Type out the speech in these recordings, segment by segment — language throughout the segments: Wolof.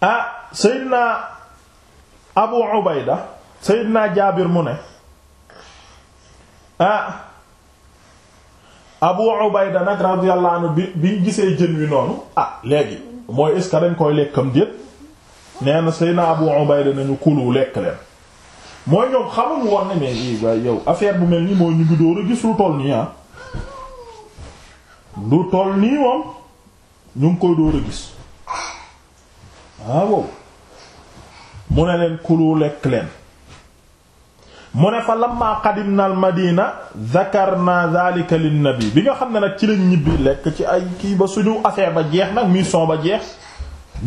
ah Seydina Abu Ubayda naa Jaabir mu ne ah Abu Ubayda nag radiyallahu anhu bi bi gisee jën wi noonu ah léegi mooy est dañ koy lekkam déet nee na Seydina Abu Ubayda nañu kulu lekk leen mooy ñoom xamuñu woon ne mais i waay yow affaire bu mel nii mooy ñu ngi dóor a gis lu toll nii ah lu toll nii moom ñu ngi koy dóor a gis waaw mu ne leen kulu lekk leen mu ne fa lamma qadimna al madina dhakarna dhalika lin nabi bi nga xam ne nag ci lañ ñibbi lekk ci ay kii ba suñu affaire ba jeex nag mission ba jeex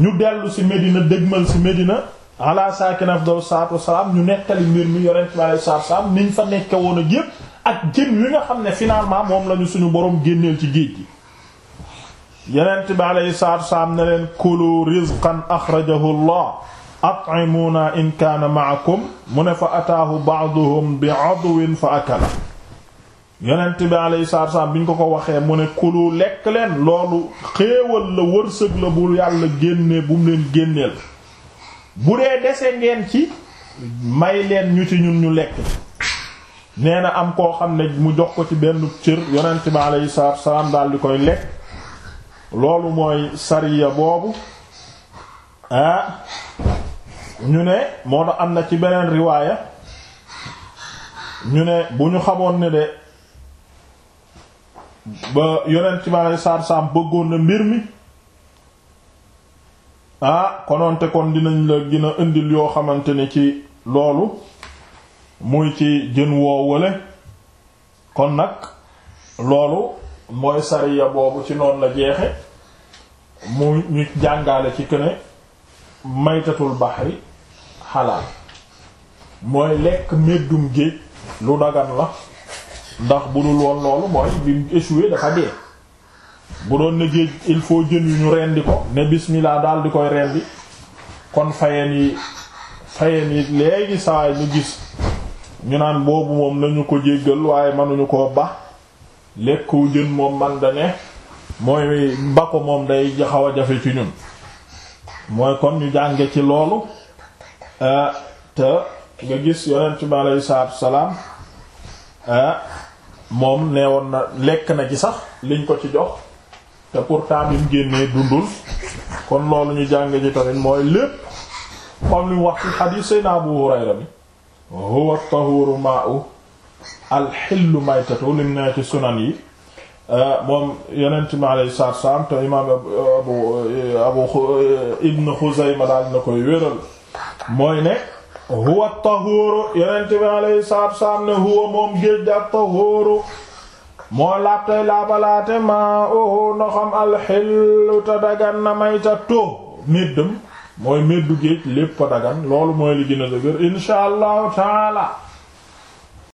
ñu dellu si Medina dégmal ci Medina ala sakin afdal salatu wasalam ñu nettali mbir mi yonent bi alei salatu salaam niñ fa nekke woon a yépp ak jën wi nga xam ne finalement moom lañu suñu borom génneel ci géej gi yonent bi alayhi salaatu wasalaam ne leen kulu rizqan axrajahu allah at'imuuna in kaana ma'akum mu ne fa ataahu ba'duhum bi'adwin fa akala yonent bi alayhi salaatu wasalaam bi ñu ko ko waxee mu ne kulu lekk leen loolu xéewal la wërsëg la bu yàlla génnee bu leen génneel bu dee dese ngeen ci may leen ñu ci ñun ñu lekk nee na am koo xam ne mu jox ko ci benn cër yonent bi alayhi salaatu wasalaam daal di koy lekk loolu mooy sariya boobu ah ñu ne moo tax am na ci beneen riwaaya ñu ne bu ñu xamoon ne de ba yonent ci ma saar-saam bëggoon na mbir mi ah konoonte kon dinañ la gën indil yoo xamante ne ci loolu muy ci jën woo wale kon nag loolu mooy sariya boobu ci noonu la jeexe mu ñu jàngaale ci këne maytatul baxri xalaal mooy lekk meddum géej lu dagan la ndax bu dul woon loolu mooy bi échoué dafa dee bu doon ne géej il faut jën yu ñu rendi ko ne bismillah daal di koy rendi kon fayeen yi fayeen yi léegi saay ñu gis ñu naan boobu moom nañu ko jéggal waaye mënuñu ko bax lekkoo jën moom man da mooy ba ko moom day xaw a jafe ci ñun mooy kon ñu jànge ci loolu euh, te nga gis yonent bi aleyhi salaatu salaam euh, moom nee woon na lekk na ci sax liñ ko ci jox te pourtant bi mu génnee dundul kon loolu ñu jàng ci tamit mooy lépp comme li mu wax ci xadiis Seydina Abu Hurayra bi huwa tahuru ma'u alxillu maytatu lim ne ci sunan yi euh, moom yonent mi alayhi salaatu wassalaam te imaam abu abu ibn Xuzayma daal na koy wéral mooy ne huwa tahuuru yonent mi alayhi salaatu wassalaam ne huwa moom géej da tahuuru moo laab tey laabalaate maa oo ndoxam alxillu te dagan na maytatu méddam mooy meddu géej lépp a dagan loolu mooy li gën a dëgër insha allahu taala